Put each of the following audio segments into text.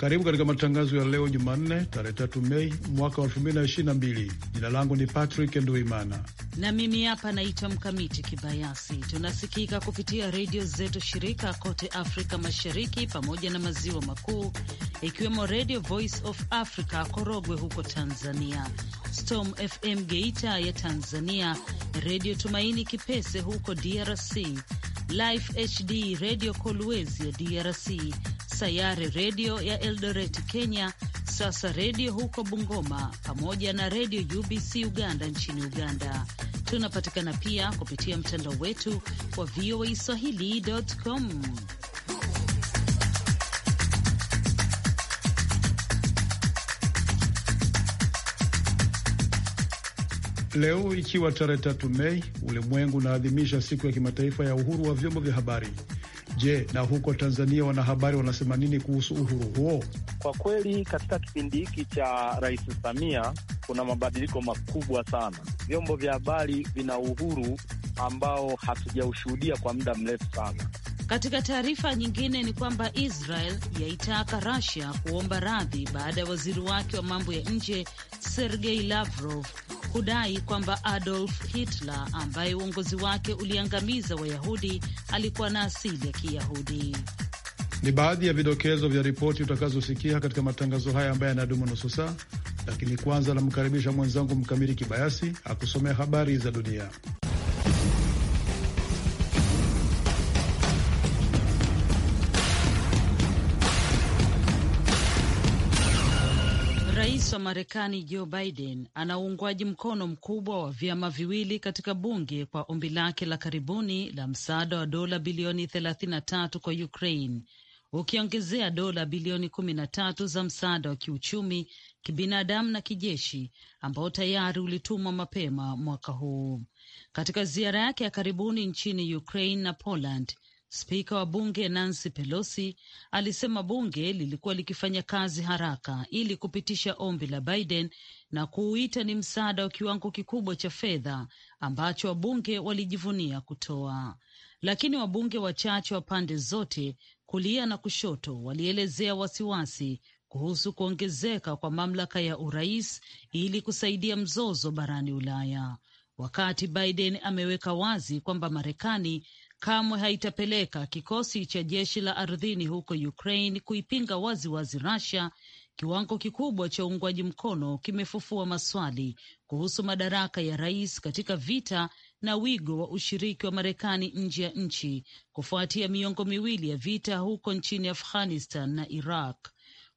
Karibu katika matangazo ya leo Jumanne, tarehe tatu Mei mwaka wa elfu mbili na ishirini na mbili. Jina langu ni Patrick Nduimana na mimi hapa naitwa Mkamiti Kibayasi. Tunasikika kupitia redio zetu shirika kote Afrika Mashariki pamoja na Maziwa Makuu, ikiwemo Redio Voice of Africa Korogwe huko Tanzania, Storm FM Geita ya Tanzania, Redio Tumaini Kipese huko DRC, Life HD Redio Kolwezi ya DRC Sayari Redio ya Eldoret Kenya, Sasa Redio huko Bungoma, pamoja na Redio UBC Uganda nchini Uganda. Tunapatikana pia kupitia mtandao wetu wa VOA Swahili.com. Leo ikiwa tarehe tatu Mei, ulimwengu unaadhimisha siku ya kimataifa ya uhuru wa vyombo vya habari. Je, na huko Tanzania wanahabari wanasema nini kuhusu uhuru huo? Kwa kweli katika kipindi hiki cha Rais Samia kuna mabadiliko makubwa sana. Vyombo vya habari vina uhuru ambao hatujaushuhudia kwa muda mrefu sana. Katika taarifa nyingine ni kwamba Israel yaitaka Russia kuomba radhi baada ya waziri wake wa mambo ya nje Sergei Lavrov kudai kwamba Adolf Hitler ambaye uongozi wake uliangamiza Wayahudi alikuwa na asili ya Kiyahudi. Ni baadhi ya vidokezo vya ripoti utakazosikia katika matangazo haya ambayo yanadumu nusu saa, lakini kwanza namkaribisha mwenzangu mkamiri Kibayasi akusomea habari za dunia. Rais wa Marekani Joe Biden ana uungwaji mkono mkubwa wa vyama viwili katika bunge kwa ombi lake la karibuni la msaada wa dola bilioni 33 kwa Ukraine, ukiongezea dola bilioni 13 za msaada wa kiuchumi, kibinadamu na kijeshi ambao tayari ulitumwa mapema mwaka huu. Katika ziara yake ya karibuni nchini Ukraine na Poland, Spika wa bunge Nancy Pelosi alisema bunge lilikuwa likifanya kazi haraka ili kupitisha ombi la Biden na kuuita ni msaada wa kiwango kikubwa cha fedha ambacho wabunge walijivunia kutoa, lakini wabunge wachache wa pande zote, kulia na kushoto, walielezea wasiwasi kuhusu kuongezeka kwa mamlaka ya urais ili kusaidia mzozo barani Ulaya, wakati Biden ameweka wazi kwamba Marekani kamwe haitapeleka kikosi cha jeshi la ardhini huko Ukraine kuipinga waziwazi Russia. Kiwango kikubwa cha uungwaji mkono kimefufua maswali kuhusu madaraka ya rais katika vita na wigo wa ushiriki wa Marekani nje ya nchi kufuatia miongo miwili ya vita huko nchini Afghanistan na Iraq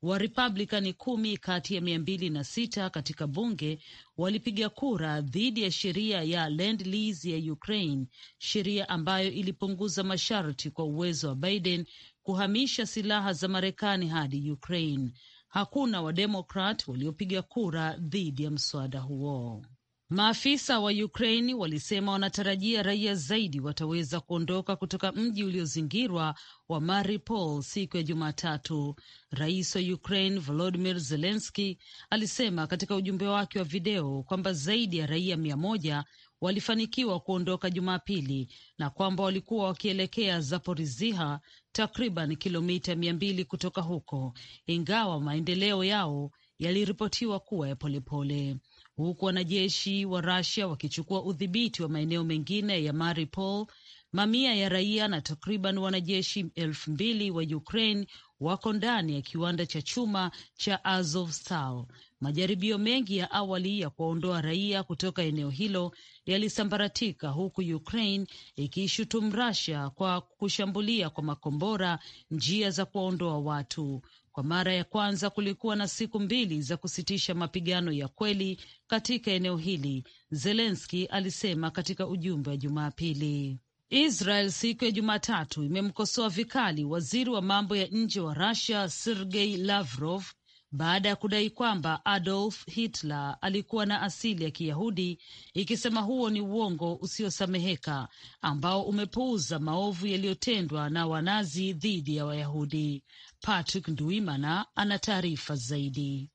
wa Republican kumi kati ya mia mbili na sita katika bunge walipiga kura dhidi ya sheria ya Land Lease ya Ukraine, sheria ambayo ilipunguza masharti kwa uwezo wa Biden kuhamisha silaha za Marekani hadi Ukraine. Hakuna Wademokrat waliopiga kura dhidi ya mswada huo. Maafisa wa Ukraini walisema wanatarajia raia zaidi wataweza kuondoka kutoka mji uliozingirwa wa Mariupol siku ya Jumatatu. Rais wa Ukraine volodimir zelenski alisema katika ujumbe wake wa video kwamba zaidi ya raia mia moja walifanikiwa kuondoka Jumapili na kwamba walikuwa wakielekea Zaporizhia, takriban kilomita mia mbili kutoka huko, ingawa maendeleo yao yaliripotiwa kuwa ya polepole pole huku wanajeshi wa Rusia wakichukua udhibiti wa maeneo mengine ya Mariupol. Mamia ya raia na takriban wanajeshi elfu mbili wa Ukraine wako ndani ya kiwanda cha chuma cha Azovstal. Majaribio mengi ya awali ya kuwaondoa raia kutoka eneo hilo yalisambaratika, huku Ukraine ikiishutumu Russia kwa kushambulia kwa makombora njia za kuwaondoa watu. Kwa mara ya kwanza kulikuwa na siku mbili za kusitisha mapigano ya kweli katika eneo hili, Zelenski alisema katika ujumbe wa Jumapili. Israel siku ya Jumatatu imemkosoa vikali waziri wa mambo ya nje wa Rusia Sergei Lavrov baada ya kudai kwamba Adolf Hitler alikuwa na asili ya Kiyahudi, ikisema huo ni uongo usiosameheka ambao umepuuza maovu yaliyotendwa na Wanazi dhidi ya Wayahudi. Patrick Nduimana ana taarifa zaidi.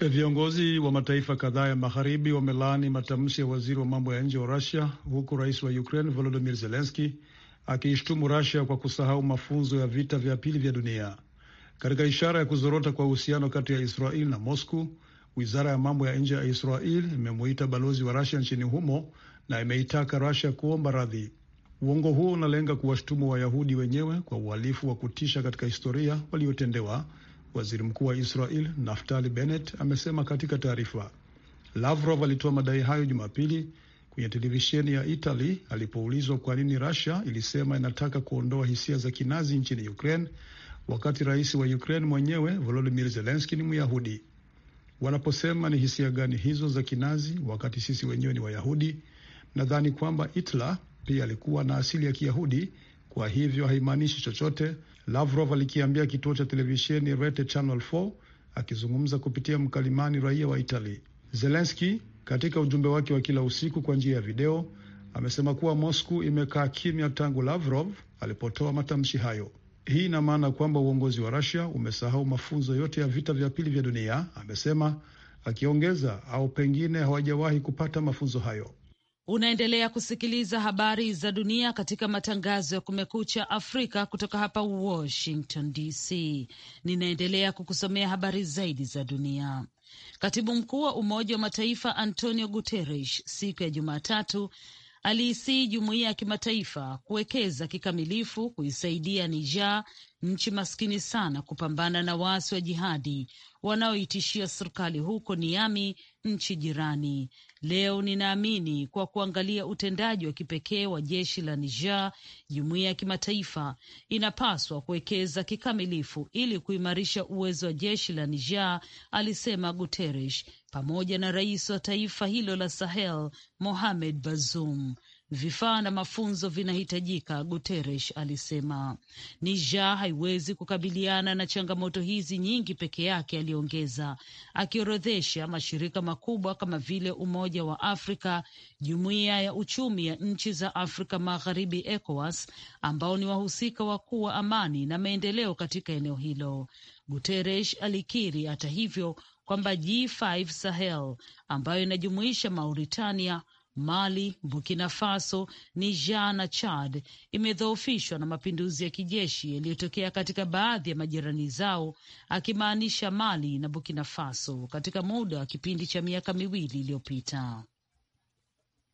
Viongozi wa mataifa kadhaa ya magharibi wamelaani matamshi ya waziri wa mambo ya nje wa Rusia, huku rais wa Ukraine Volodimir Zelenski akiishtumu Rusia kwa kusahau mafunzo ya vita vya pili vya dunia. Katika ishara ya kuzorota kwa uhusiano kati ya Israel na Moscow, wizara ya mambo ya nje ya Israel imemuita balozi wa Rusia nchini humo na imeitaka Rusia kuomba radhi. Uongo huo unalenga kuwashtumu Wayahudi wenyewe kwa uhalifu wa kutisha katika historia waliotendewa, waziri mkuu wa Israel Naftali Bennett amesema katika taarifa. Lavrov alitoa madai hayo Jumapili kwenye televisheni ya Italy alipoulizwa kwa nini Russia ilisema inataka kuondoa hisia za kinazi nchini Ukraine wakati rais wa Ukraine mwenyewe Volodymyr Zelensky ni Myahudi. Wanaposema ni hisia gani hizo za kinazi wakati sisi wenyewe ni Wayahudi? Nadhani kwamba Hitler pia alikuwa na asili ya Kiyahudi, kwa hivyo haimaanishi chochote, Lavrov alikiambia kituo cha televisheni Rete Channel 4 akizungumza kupitia mkalimani raia wa Itali. Zelenski katika ujumbe wake wa kila usiku kwa njia ya video amesema kuwa Moscow imekaa kimya tangu Lavrov alipotoa matamshi hayo. Hii ina maana kwamba uongozi wa Russia umesahau mafunzo yote ya vita vya pili vya dunia, amesema akiongeza, au pengine hawajawahi kupata mafunzo hayo. Unaendelea kusikiliza habari za dunia katika matangazo ya Kumekucha Afrika kutoka hapa Washington DC. Ninaendelea kukusomea habari zaidi za dunia. Katibu mkuu wa Umoja wa Mataifa Antonio Guterres siku ya Jumatatu aliisii jumuiya ya kimataifa kuwekeza kikamilifu kuisaidia Niger nchi maskini sana kupambana na waasi wa jihadi wanaoitishia serikali huko Niami, nchi jirani. Leo ninaamini kwa kuangalia utendaji wa kipekee wa jeshi la Niger, jumuiya ya kimataifa inapaswa kuwekeza kikamilifu ili kuimarisha uwezo wa jeshi la Niger, alisema Guterres pamoja na rais wa taifa hilo la Sahel Mohamed Bazoum. Vifaa na mafunzo vinahitajika, Guterres alisema. Niger haiwezi kukabiliana na changamoto hizi nyingi peke yake, aliongeza, akiorodhesha mashirika makubwa kama vile Umoja wa Afrika, Jumuiya ya Uchumi ya Nchi za Afrika Magharibi, ECOWAS, ambao ni wahusika wakuu wa amani na maendeleo katika eneo hilo. Guterres alikiri hata hivyo kwamba G5 Sahel ambayo inajumuisha Mauritania Mali, Burkina Faso, Niger na Chad imedhoofishwa na mapinduzi ya kijeshi yaliyotokea katika baadhi ya majirani zao, akimaanisha Mali na Burkina Faso katika muda wa kipindi cha miaka miwili iliyopita.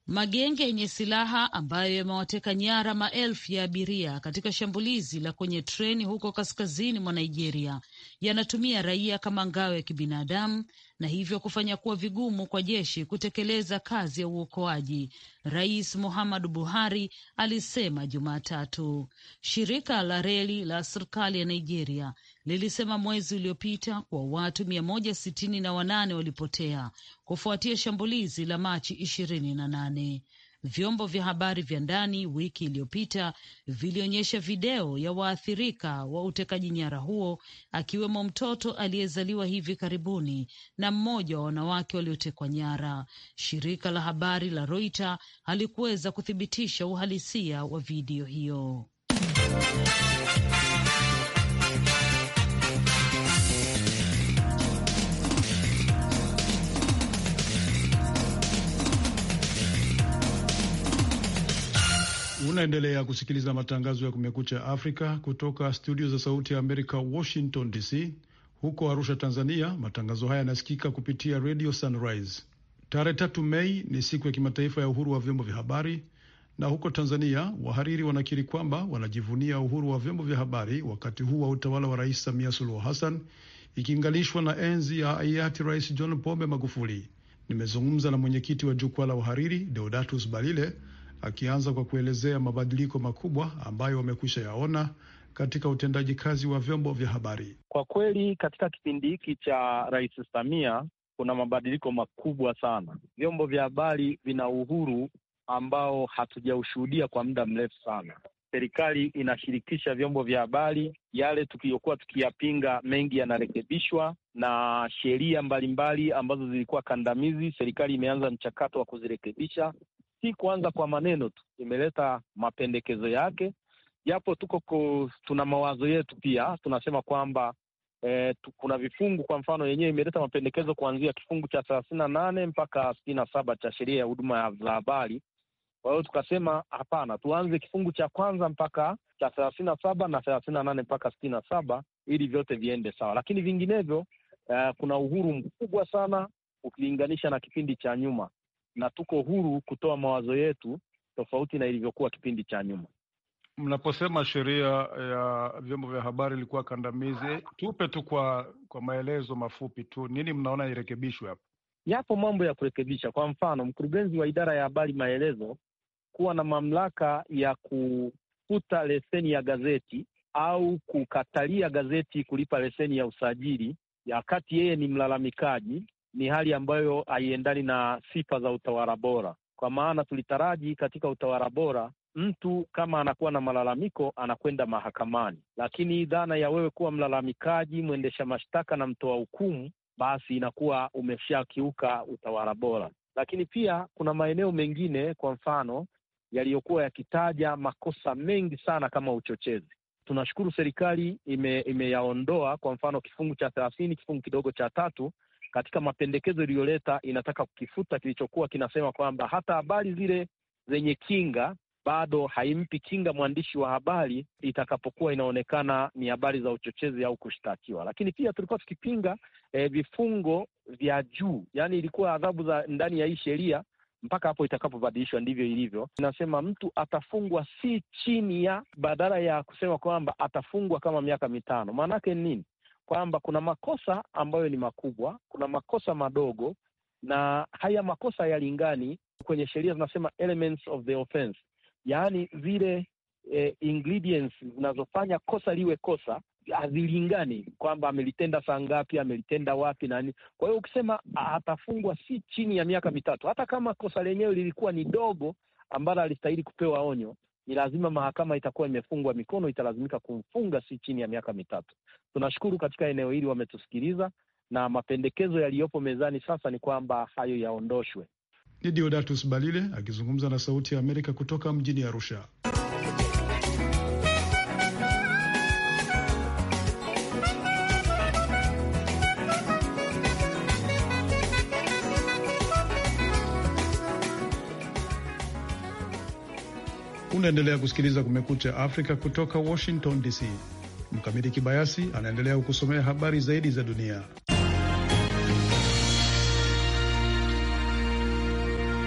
Magenge yenye silaha ambayo yamewateka nyara maelfu ya abiria katika shambulizi la kwenye treni huko kaskazini mwa Nigeria yanatumia raia kama ngao ya kibinadamu na hivyo kufanya kuwa vigumu kwa jeshi kutekeleza kazi ya uokoaji, Rais Muhammadu Buhari alisema Jumatatu. Shirika la reli la serikali ya Nigeria lilisema mwezi uliopita kwa watu mia moja sitini na wanane walipotea kufuatia shambulizi la Machi ishirini na nane. Vyombo vya habari vya ndani wiki iliyopita vilionyesha video ya waathirika wa utekaji nyara huo, akiwemo mtoto aliyezaliwa hivi karibuni na mmoja wa wanawake waliotekwa nyara. Shirika la habari la Reuters halikuweza kuthibitisha uhalisia wa video hiyo. Unaendelea kusikiliza matangazo ya Kumekucha Afrika kutoka studio za Sauti ya Amerika, Washington DC. Huko Arusha, Tanzania, matangazo haya yanasikika kupitia Radio Sunrise. Tarehe tatu Mei ni siku ya kimataifa ya uhuru wa vyombo vya habari, na huko Tanzania wahariri wanakiri kwamba wanajivunia uhuru wa vyombo vya habari wakati huu wa utawala wa Rais Samia Suluhu Hassan ikiinganishwa na enzi ya hayati Rais John Pombe Magufuli. Nimezungumza na mwenyekiti wa jukwaa la wahariri Deodatus Balile akianza kwa kuelezea mabadiliko makubwa ambayo wamekwisha yaona katika utendaji kazi wa vyombo vya habari. Kwa kweli, katika kipindi hiki cha Rais Samia kuna mabadiliko makubwa sana. Vyombo vya habari vina uhuru ambao hatujaushuhudia kwa muda mrefu sana. Serikali inashirikisha vyombo vya habari, yale tukiyokuwa tukiyapinga mengi yanarekebishwa, na sheria mbalimbali ambazo zilikuwa kandamizi, serikali imeanza mchakato wa kuzirekebisha si kuanza kwa maneno tu, imeleta mapendekezo yake, japo tuko ku, tuna mawazo yetu pia. Tunasema kwamba eh, kuna vifungu, kwa mfano yenyewe imeleta mapendekezo kuanzia kifungu cha thelathini na nane mpaka sitini na saba cha sheria ya huduma za habari. Kwa hiyo tukasema hapana, tuanze kifungu cha kwanza mpaka cha thelathini na saba na thelathini na nane mpaka sitini na saba ili vyote viende sawa, lakini vinginevyo eh, kuna uhuru mkubwa sana ukilinganisha na kipindi cha nyuma na tuko huru kutoa mawazo yetu tofauti na ilivyokuwa kipindi cha nyuma. Mnaposema sheria ya vyombo vya habari ilikuwa kandamizi, tupe tu kwa kwa maelezo mafupi tu, nini mnaona irekebishwe hapa? Yapo mambo ya kurekebisha. Kwa mfano, mkurugenzi wa idara ya habari maelezo kuwa na mamlaka ya kufuta leseni ya gazeti au kukatalia gazeti kulipa leseni ya usajili wakati yeye ni mlalamikaji ni hali ambayo haiendani na sifa za utawala bora, kwa maana tulitaraji katika utawala bora mtu kama anakuwa na malalamiko anakwenda mahakamani, lakini dhana ya wewe kuwa mlalamikaji, mwendesha mashtaka na mtoa hukumu, basi inakuwa umeshakiuka utawala bora. Lakini pia kuna maeneo mengine, kwa mfano, yaliyokuwa yakitaja makosa mengi sana kama uchochezi. Tunashukuru serikali ime, imeyaondoa kwa mfano kifungu cha thelathini kifungu kidogo cha tatu katika mapendekezo iliyoleta inataka kukifuta kilichokuwa kinasema kwamba hata habari zile zenye kinga bado haimpi kinga mwandishi wa habari itakapokuwa inaonekana ni habari za uchochezi au kushtakiwa. Lakini pia tulikuwa tukipinga e, vifungo vya juu, yaani ilikuwa adhabu za ndani ya hii sheria mpaka hapo itakapobadilishwa, ndivyo ilivyo. Inasema mtu atafungwa si chini ya, badala ya kusema kwamba atafungwa kama miaka mitano. Maana ni nini? kwamba kuna makosa ambayo ni makubwa, kuna makosa madogo, na haya makosa yalingani. Kwenye sheria zinasema elements of the offense, yaani zile eh, ingredients zinazofanya kosa liwe kosa hazilingani, kwamba amelitenda saa ngapi, amelitenda wapi, nani. Kwa hiyo ukisema ah, atafungwa si chini ya miaka mitatu, hata kama kosa lenyewe lilikuwa ni dogo ambalo alistahili kupewa onyo, ni lazima mahakama itakuwa imefungwa mikono, italazimika kumfunga si chini ya miaka mitatu. Tunashukuru katika eneo hili wametusikiliza, na mapendekezo yaliyopo mezani sasa ni kwamba hayo yaondoshwe. Ni Diodatus Balile akizungumza na Sauti ya Amerika kutoka mjini Arusha. Unaendelea kusikiliza Kumekucha Afrika kutoka Washington DC. Mkamiti Kibayasi anaendelea kukusomea habari zaidi za dunia.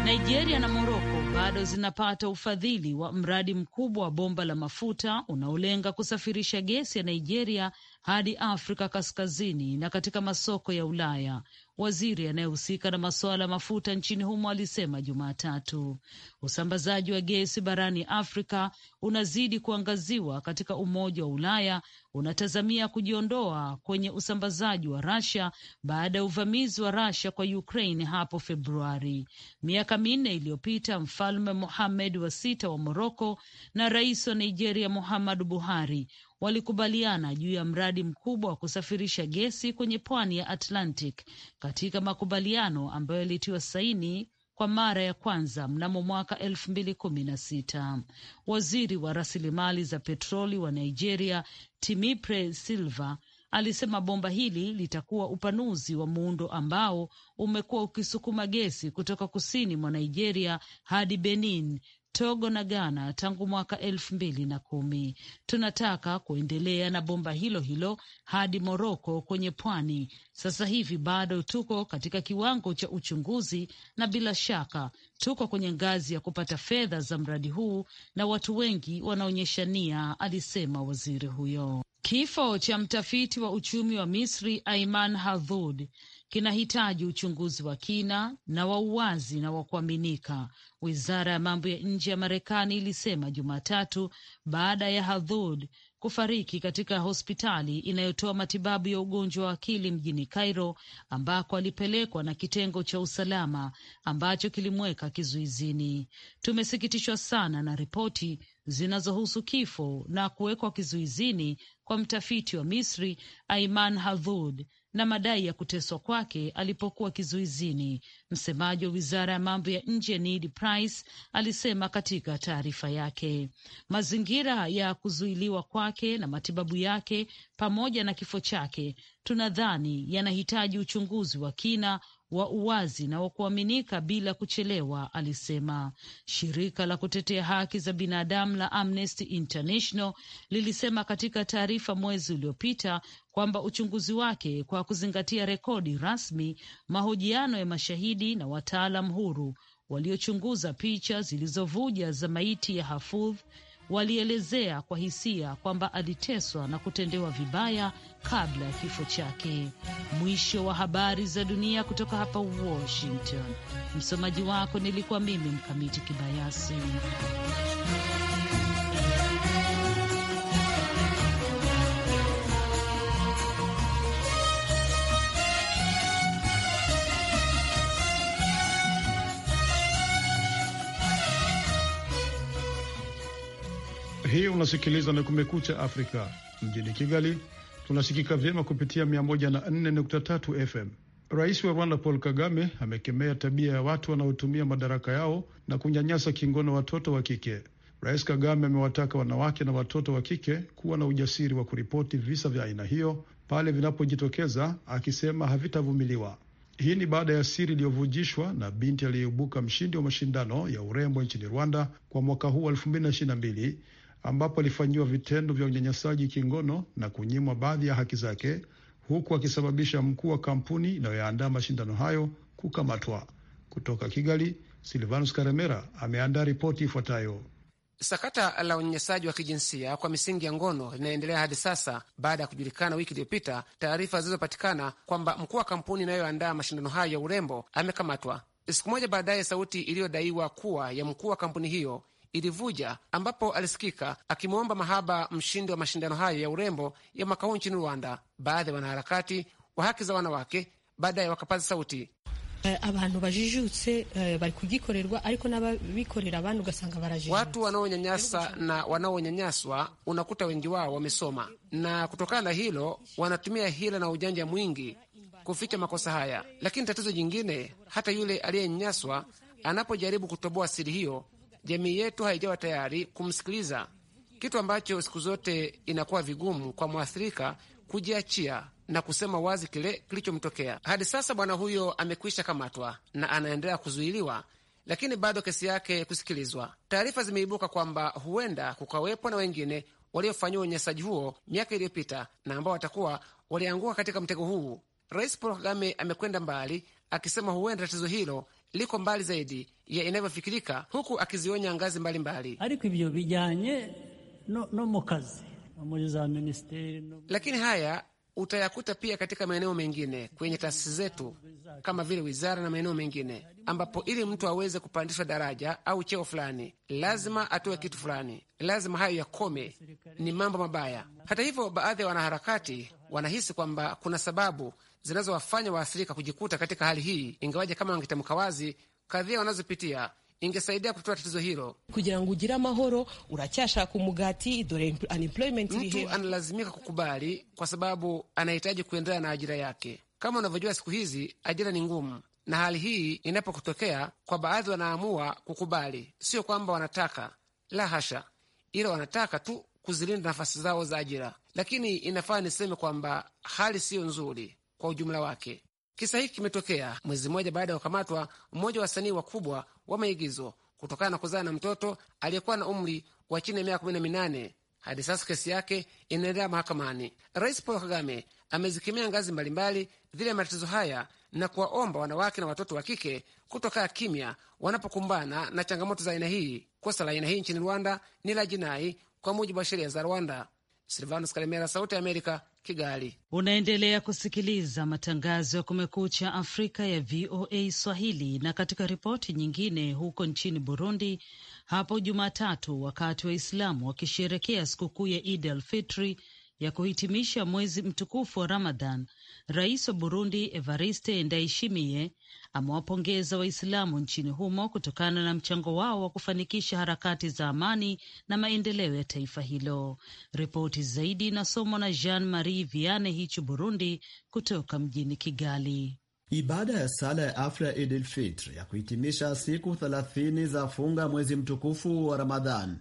Nigeria na Moroko bado zinapata ufadhili wa mradi mkubwa wa bomba la mafuta unaolenga kusafirisha gesi ya Nigeria hadi Afrika Kaskazini na katika masoko ya Ulaya. Waziri anayehusika na masuala ya mafuta nchini humo alisema Jumatatu usambazaji wa gesi barani Afrika unazidi kuangaziwa katika Umoja wa Ulaya unatazamia kujiondoa kwenye usambazaji wa Rasia baada ya uvamizi wa Rasia kwa Ukraine hapo Februari. Miaka minne iliyopita, Mfalme Mohamed wa Sita wa Moroko na rais wa Nigeria Muhammadu Buhari walikubaliana juu ya mradi mkubwa wa kusafirisha gesi kwenye pwani ya Atlantic katika makubaliano ambayo yalitiwa saini kwa mara ya kwanza mnamo mwaka elfu mbili kumi na sita. Waziri wa rasilimali za petroli wa Nigeria Timipre Silva alisema bomba hili litakuwa upanuzi wa muundo ambao umekuwa ukisukuma gesi kutoka kusini mwa Nigeria hadi Benin Togo na Ghana tangu mwaka elfu mbili na kumi. Tunataka kuendelea na bomba hilo hilo hadi Moroko kwenye pwani. Sasa hivi bado tuko katika kiwango cha uchunguzi, na bila shaka tuko kwenye ngazi ya kupata fedha za mradi huu, na watu wengi wanaonyesha nia, alisema waziri huyo. Kifo cha mtafiti wa uchumi wa Misri Aiman Hadhud kinahitaji uchunguzi wa kina na wa uwazi na wa kuaminika, wizara ya mambo ya nje ya Marekani ilisema Jumatatu baada ya Hadhud kufariki katika hospitali inayotoa matibabu ya ugonjwa wa akili mjini Cairo, ambako alipelekwa na kitengo cha usalama ambacho kilimweka kizuizini. Tumesikitishwa sana na ripoti zinazohusu kifo na kuwekwa kizuizini kwa mtafiti wa Misri Aiman Hadhud na madai ya kuteswa kwake alipokuwa kizuizini. Msemaji wa wizara ya mambo ya nje Ned Price alisema katika taarifa yake, mazingira ya kuzuiliwa kwake na matibabu yake pamoja na kifo chake tunadhani yanahitaji uchunguzi wa kina wa uwazi na wa kuaminika bila kuchelewa, alisema. Shirika la kutetea haki za binadamu la Amnesty International lilisema katika taarifa mwezi uliopita kwamba uchunguzi wake kwa kuzingatia rekodi rasmi, mahojiano ya mashahidi na wataalam huru waliochunguza picha zilizovuja za maiti ya Hafudh walielezea kwa hisia kwamba aliteswa na kutendewa vibaya kabla ya kifo chake. Mwisho wa habari za dunia kutoka hapa Washington. Msomaji wako nilikuwa mimi Mkamiti Kibayasi. hii unasikiliza na Kumekucha Afrika. Mjini Kigali tunasikika vyema kupitia 104.3 FM. Rais wa Rwanda Paul Kagame amekemea tabia ya watu wanaotumia madaraka yao na kunyanyasa kingono watoto wa kike. Rais Kagame amewataka wanawake na watoto wa kike kuwa na ujasiri wa kuripoti visa vya aina hiyo pale vinapojitokeza, akisema havitavumiliwa. Hii ni baada ya siri iliyovujishwa na binti aliyeibuka mshindi wa mashindano ya urembo nchini Rwanda kwa mwaka huu ambapo alifanyiwa vitendo vya unyanyasaji kingono na kunyimwa baadhi ya haki zake, huku akisababisha mkuu wa kampuni inayoandaa mashindano hayo kukamatwa. Kutoka Kigali, Silvanus Karemera ameandaa ripoti ifuatayo. Sakata la unyanyasaji wa kijinsia kwa misingi ya ngono linaendelea hadi sasa baada ya kujulikana wiki iliyopita taarifa zilizopatikana kwamba mkuu wa kampuni inayoandaa mashindano hayo ya urembo amekamatwa. Siku moja baadaye, sauti iliyodaiwa kuwa ya mkuu wa kampuni hiyo ilivuja ambapo alisikika akimwomba Mahaba, mshindi wa mashindano hayo ya urembo ya mwaka huu nchini Rwanda, baadhi ya wanaharakati wa haki za wanawake baadaye wakapaza sauti. Eh, abantu bajijutse eh, bari kugikorerwa ariko n'ababikorera ugasanga barajijutse. Watu wanaonyanyasa na wanaonyanyaswa unakuta wengi wao wamesoma, na kutokana na hilo wanatumia hila na ujanja mwingi kuficha makosa haya. Lakini tatizo jingine, hata yule aliyenyanyaswa anapojaribu kutoboa siri hiyo jamii yetu haijawa tayari kumsikiliza, kitu ambacho siku zote inakuwa vigumu kwa mwathirika kujiachia na kusema wazi kile kilichomtokea. Hadi sasa bwana huyo amekwisha kamatwa na anaendelea kuzuiliwa, lakini bado kesi yake kusikilizwa. Taarifa zimeibuka kwamba huenda kukawepo na wengine waliofanyiwa unyanyasaji huo miaka iliyopita na ambao watakuwa walianguka katika mtego huu. Rais Paul Kagame amekwenda mbali akisema huenda tatizo hilo liko mbali zaidi ya inavyofikirika, huku akizionya ngazi mbalimbali bijanye No, no mukazi lakini haya utayakuta pia katika maeneo mengine kwenye taasisi zetu kama vile wizara na maeneo mengine, ambapo ili mtu aweze kupandishwa daraja au cheo fulani lazima atoe kitu fulani, lazima hayo yakome. Ni mambo mabaya. Hata hivyo, baadhi ya wanaharakati wanahisi kwamba kuna sababu zinazowafanya waathirika kujikuta katika hali hii, ingawaje kama wangetamka wazi kadhia wanazopitia ingesaidia kutoa tatizo hilo. kugira ngo ugire amahoro uracyashaka umugati dore unemployment. Mtu analazimika kukubali kwa sababu anahitaji kuendelea na ajira yake. Kama unavyojua, siku hizi ajira ni ngumu, na hali hii inapokutokea kwa baadhi, wanaamua kukubali. Sio kwamba wanataka, la hasha, ila wanataka tu kuzilinda nafasi zao za ajira. Lakini inafaa niseme kwamba hali siyo nzuri kwa ujumla wake. Kisa hiki kimetokea mwezi mmoja baada ya kukamatwa mmoja wa wasanii wakubwa wa maigizo kutokana na kuzaa na mtoto aliyekuwa na umri wa chini ya miaka kumi na minane. Hadi sasa kesi yake inaendelea mahakamani. Rais Paul Kagame amezikemea ngazi mbalimbali dhidi ya matatizo haya na kuwaomba wanawake na watoto wa kike kutokaa kimya wanapokumbana na changamoto za aina hii. Kosa la aina hii nchini Rwanda ni la jinai kwa mujibu wa sheria za Rwanda. Silvanus Kalemera, Sauti ya Amerika, Kigali. Unaendelea kusikiliza matangazo ya Kumekucha Afrika ya VOA Swahili. Na katika ripoti nyingine, huko nchini Burundi hapo Jumatatu, wakati Waislamu wakisherekea sikukuu ya Idi al Fitri, ya kuhitimisha mwezi mtukufu wa Ramadhan, rais wa Burundi Evariste Ndayishimiye amewapongeza Waislamu nchini humo kutokana na mchango wao wa kufanikisha harakati za amani na maendeleo ya taifa hilo. Ripoti zaidi inasomwa na Jean Marie Viane Hichu, Burundi, kutoka mjini Kigali. Ibada ya sala ya afra ya Idil Fitri ya kuhitimisha siku 30 za funga mwezi mtukufu wa Ramadhan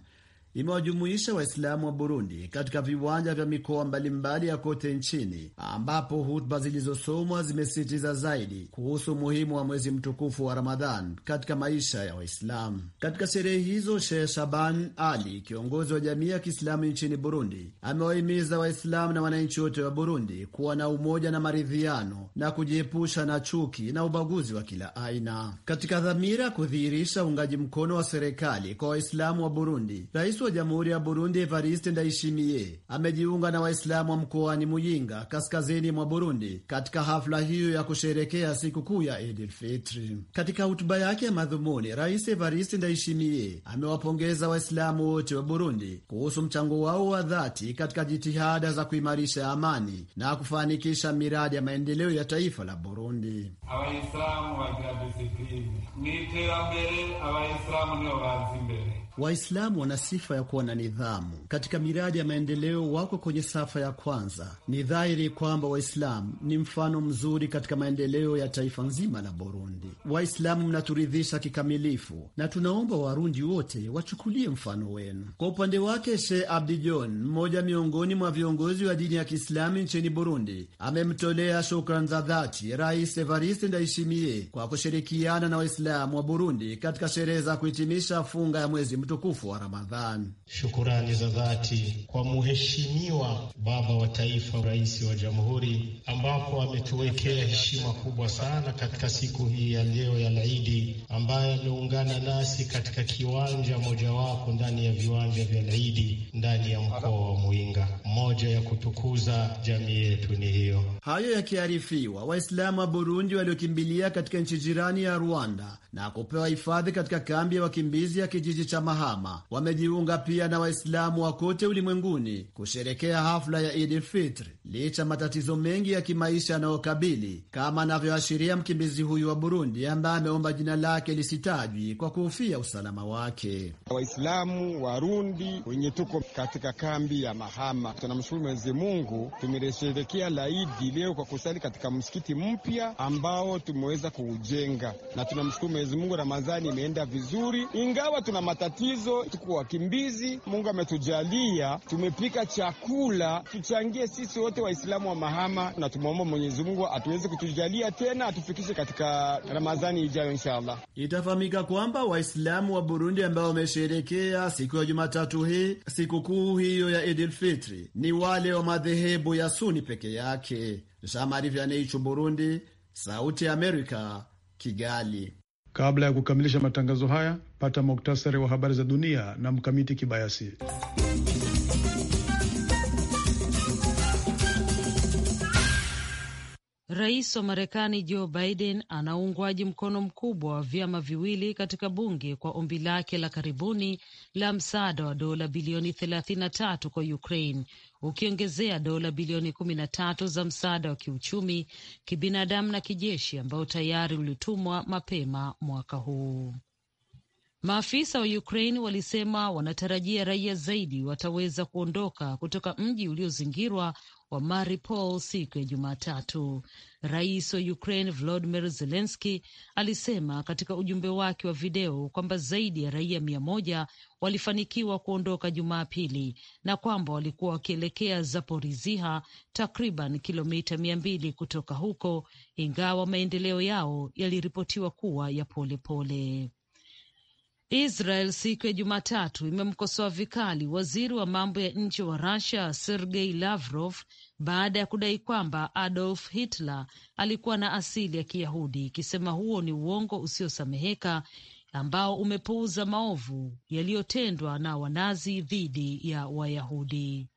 imewajumuisha Waislamu wa Burundi katika viwanja vya mikoa mbalimbali ya kote nchini, ambapo hutuba zilizosomwa zimesisitiza zaidi kuhusu umuhimu wa mwezi mtukufu wa Ramadhan katika maisha ya Waislamu. Katika sherehe hizo, sheh Shaban Ali, kiongozi wa jamii ya Kiislamu nchini Burundi, amewahimiza Waislamu na wananchi wote wa Burundi kuwa na umoja na maridhiano na kujiepusha na chuki na ubaguzi wa kila aina, katika dhamira kudhihirisha uungaji mkono wa serikali kwa Waislamu wa Burundi. Rais wa Jamhuri ya Burundi Evariste Ndayishimiye amejiunga na Waislamu wa mkoani Muyinga, kaskazini mwa Burundi, katika hafla hiyo ya kusherekea sikukuu ya Idil Fitri. Katika hotuba yake ya madhumuni, Rais Evariste Ndayishimiye amewapongeza Waislamu wote wa Burundi kuhusu mchango wao wa dhati katika jitihada za kuimarisha amani na kufanikisha miradi ya maendeleo ya taifa la Burundi. Awaislamu iterambere, bazi Waislamu wana sifa ya kuwa na nidhamu katika miradi ya maendeleo, wako kwenye safa ya kwanza. Ni dhahiri kwamba Waislamu ni mfano mzuri katika maendeleo ya taifa nzima la Burundi. Waislamu mnaturidhisha kikamilifu, na tunaomba Warundi wote wachukulie mfano wenu. Kwa upande wake, sheh Abdi John, mmoja miongoni mwa viongozi wa dini ya kiislamu nchini Burundi, amemtolea shukrani za dhati Rais Evariste Ndayishimiye kwa kushirikiana na Waislamu wa Burundi katika sherehe za kuhitimisha funga ya mwezi mtukufu wa Ramadhan. Shukurani za dhati kwa Mheshimiwa Baba wa Taifa, Rais wa Jamhuri, ambapo ametuwekea heshima kubwa sana katika siku hii ya leo ya Laidi, ambaye ameungana nasi katika kiwanja mojawapo ndani ya viwanja vya Laidi ndani ya mkoa wa Mwinga. Moja ya kutukuza jamii yetu ni hiyo. Hayo yakiarifiwa, Waislamu wa Burundi waliokimbilia katika nchi jirani ya Rwanda na kupewa hifadhi katika kambi ya wakimbizi ya kijiji cha Mahama. Wamejiunga pia na Waislamu wa kote ulimwenguni kusherekea hafla ya Idi Fitri licha matatizo mengi ya kimaisha yanayokabili, kama anavyoashiria mkimbizi huyu wa Burundi ambaye ameomba jina lake lisitajwi kwa kuhofia usalama wake. Waislamu Warundi wenye tuko katika kambi ya Mahama, tunamshukuru Mwenyezi Mungu tumeresherekea laidi leo kwa kusali katika msikiti mpya ambao tumeweza kuujenga na tunamshukuru Mwenyezi Mungu, Ramadhani imeenda vizuri, ingawa tuna matatizo, tuko wakimbizi. Mungu ametujalia, tumepika chakula, tuchangie sisi wote Waislamu wa mahama, na tumwomba Mwenyezi Mungu atuweze kutujalia tena, atufikishe katika Ramadhani ijayo inshallah. Itafahamika kwamba Waislamu wa Burundi ambao wamesherekea siku ya Jumatatu hii sikukuu hiyo ya Idil Fitri ni wale wa madhehebu ya Suni peke yake. Jean Marie Vianney Burundi, Sauti ya Amerika, Kigali. Kabla ya kukamilisha matangazo haya, pata muktasari wa habari za dunia na Mkamiti Kibayasi. Rais wa Marekani Joe Biden ana uungwaji mkono mkubwa wa vyama viwili katika bunge kwa ombi lake la karibuni la msaada wa dola bilioni 33 kwa Ukraine, ukiongezea dola bilioni 13 za msaada wa kiuchumi, kibinadamu na kijeshi ambao tayari ulitumwa mapema mwaka huu. Maafisa wa Ukraine walisema wanatarajia raia zaidi wataweza kuondoka kutoka mji uliozingirwa wa Mariupol siku ya Jumatatu. Rais wa Ukraine Volodymyr Zelensky alisema katika ujumbe wake wa video kwamba zaidi ya raia mia moja walifanikiwa kuondoka Jumapili na kwamba walikuwa wakielekea Zaporizhia, takriban kilomita mia mbili kutoka huko, ingawa maendeleo yao yaliripotiwa kuwa ya polepole pole. Israel siku ya Jumatatu imemkosoa vikali waziri wa mambo ya nje wa Rusia Sergei Lavrov baada ya kudai kwamba Adolf Hitler alikuwa na asili ya Kiyahudi, ikisema huo ni uongo usiosameheka ambao umepuuza maovu yaliyotendwa na Wanazi dhidi ya Wayahudi.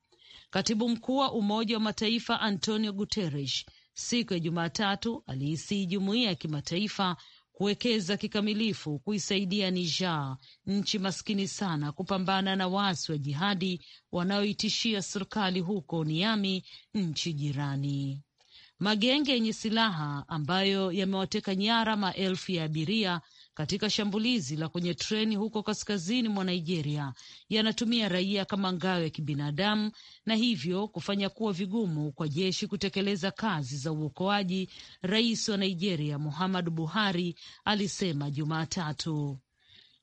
Katibu mkuu wa Umoja wa Mataifa Antonio Guterres siku ya Jumatatu aliisii jumuiya ya kimataifa kuwekeza kikamilifu kuisaidia Niger, nchi maskini sana, kupambana na waasi wa jihadi wanaoitishia serikali huko Niami, nchi jirani. Magenge yenye silaha ambayo yamewateka nyara maelfu ya abiria katika shambulizi la kwenye treni huko kaskazini mwa Nigeria yanatumia raia kama ngao ya kibinadamu na hivyo kufanya kuwa vigumu kwa jeshi kutekeleza kazi za uokoaji, rais wa Nigeria Muhammadu Buhari alisema Jumatatu.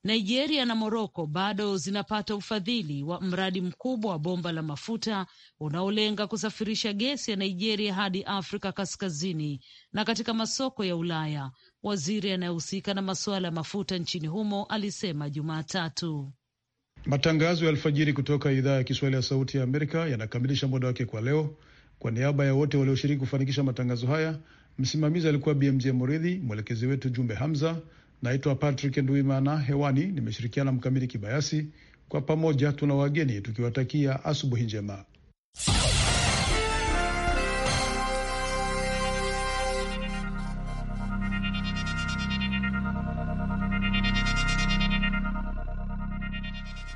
Nigeria na Moroko bado zinapata ufadhili wa mradi mkubwa wa bomba la mafuta unaolenga kusafirisha gesi ya Nigeria hadi Afrika Kaskazini na katika masoko ya Ulaya waziri anayehusika na masuala ya mafuta nchini humo alisema Jumatatu. Matangazo ya alfajiri kutoka idhaa ya Kiswahili ya Sauti ya Amerika yanakamilisha muda wake kwa leo. Kwa niaba ya wote walioshiriki kufanikisha matangazo haya, msimamizi alikuwa BMJ Muridhi, mwelekezi wetu Jumbe Hamza. Naitwa Patrick nduimana hewani nimeshirikiana Mkamili Kibayasi. Kwa pamoja tuna wageni tukiwatakia asubuhi njema.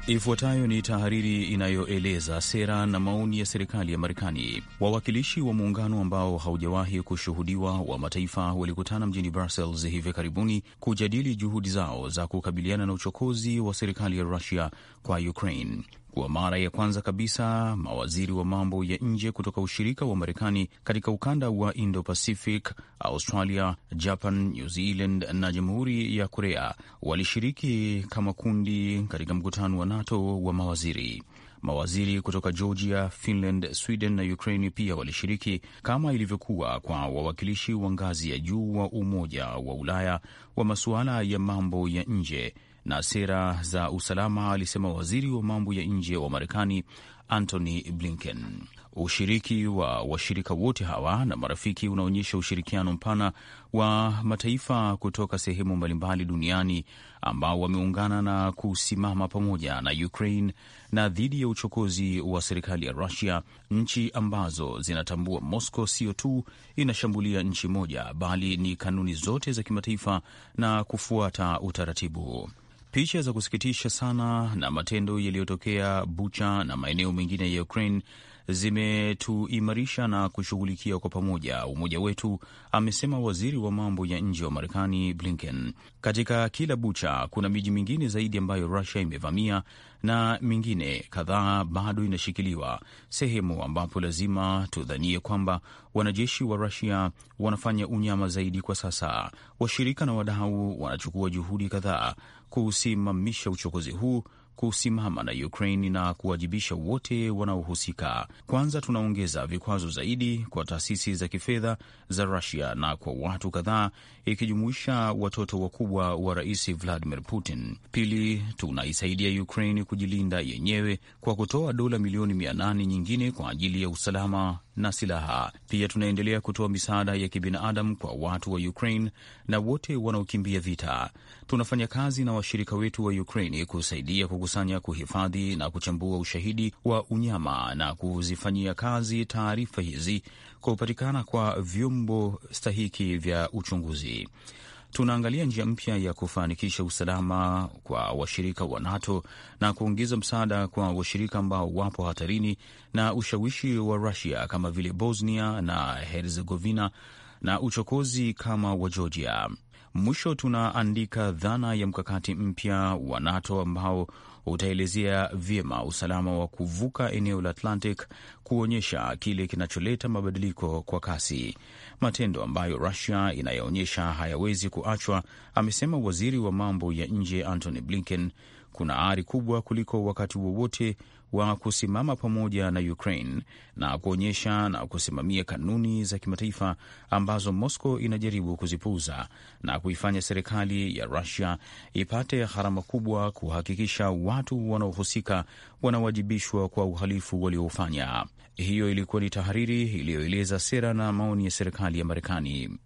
Ifuatayo ni tahariri inayoeleza sera na maoni ya serikali ya Marekani. Wawakilishi wa muungano ambao haujawahi kushuhudiwa wa mataifa walikutana mjini Brussels hivi karibuni kujadili juhudi zao za kukabiliana na uchokozi wa serikali ya Rusia kwa Ukraine kuwa mara ya kwanza kabisa mawaziri wa mambo ya nje kutoka ushirika wa Marekani katika ukanda wa Indo-Pacific, Australia, Japan, New Zealand na Jamhuri ya Korea walishiriki kama kundi katika mkutano wa NATO wa mawaziri. Mawaziri kutoka Georgia, Finland, Sweden na Ukraini pia walishiriki kama ilivyokuwa kwa wawakilishi wa ngazi ya juu wa Umoja wa Ulaya wa masuala ya mambo ya nje na sera za usalama, alisema waziri wa mambo ya nje wa Marekani Antony Blinken. Ushiriki wa washirika wote hawa na marafiki unaonyesha ushirikiano mpana wa mataifa kutoka sehemu mbalimbali duniani ambao wameungana na kusimama pamoja na Ukraine na dhidi ya uchokozi wa serikali ya Rusia, nchi ambazo zinatambua Moscow sio tu inashambulia nchi moja, bali ni kanuni zote za kimataifa na kufuata utaratibu. Picha za kusikitisha sana na matendo yaliyotokea Bucha na maeneo mengine ya Ukraine zimetuimarisha na kushughulikia kwa pamoja umoja wetu, amesema waziri wa mambo ya nje wa Marekani Blinken. Katika kila Bucha kuna miji mingine zaidi ambayo Rusia imevamia na mingine kadhaa bado inashikiliwa, sehemu ambapo lazima tudhanie kwamba wanajeshi wa Rusia wanafanya unyama zaidi. Kwa sasa washirika na wadau wanachukua juhudi kadhaa kusimamisha uchokozi huu, kusimama na Ukraine na kuwajibisha wote wanaohusika. Kwanza tunaongeza vikwazo zaidi kwa taasisi za kifedha za rasia na kwa watu kadhaa, ikijumuisha watoto wakubwa wa Rais Vladimir Putin. Pili, tunaisaidia Ukraine kujilinda yenyewe kwa kutoa dola milioni mia nane nyingine kwa ajili ya usalama na silaha. Pia tunaendelea kutoa misaada ya kibinadamu kwa watu wa Ukraine na wote wanaokimbia vita. Tunafanya kazi na washirika wetu wa Ukraine kusaidia kukusanya, kuhifadhi na kuchambua ushahidi wa unyama na kuzifanyia kazi taarifa hizi kwa upatikana kwa vyombo stahiki vya uchunguzi tunaangalia njia mpya ya kufanikisha usalama kwa washirika wa NATO na kuongeza msaada kwa washirika ambao wapo hatarini na ushawishi wa Rusia kama vile Bosnia na Herzegovina na uchokozi kama wa Georgia. Mwisho tunaandika dhana ya mkakati mpya wa NATO ambao utaelezea vyema usalama wa kuvuka eneo la Atlantic, kuonyesha kile kinacholeta mabadiliko kwa kasi, matendo ambayo Rusia inayoonyesha hayawezi kuachwa, amesema waziri wa mambo ya nje Antony Blinken. Kuna ari kubwa kuliko wakati wowote wa kusimama pamoja na Ukraine na kuonyesha na kusimamia kanuni za kimataifa ambazo Moscow inajaribu kuzipuuza na kuifanya serikali ya Rusia ipate gharama kubwa kuhakikisha watu wanaohusika wanawajibishwa kwa uhalifu walioufanya. Hiyo ilikuwa ni tahariri iliyoeleza sera na maoni ya serikali ya Marekani.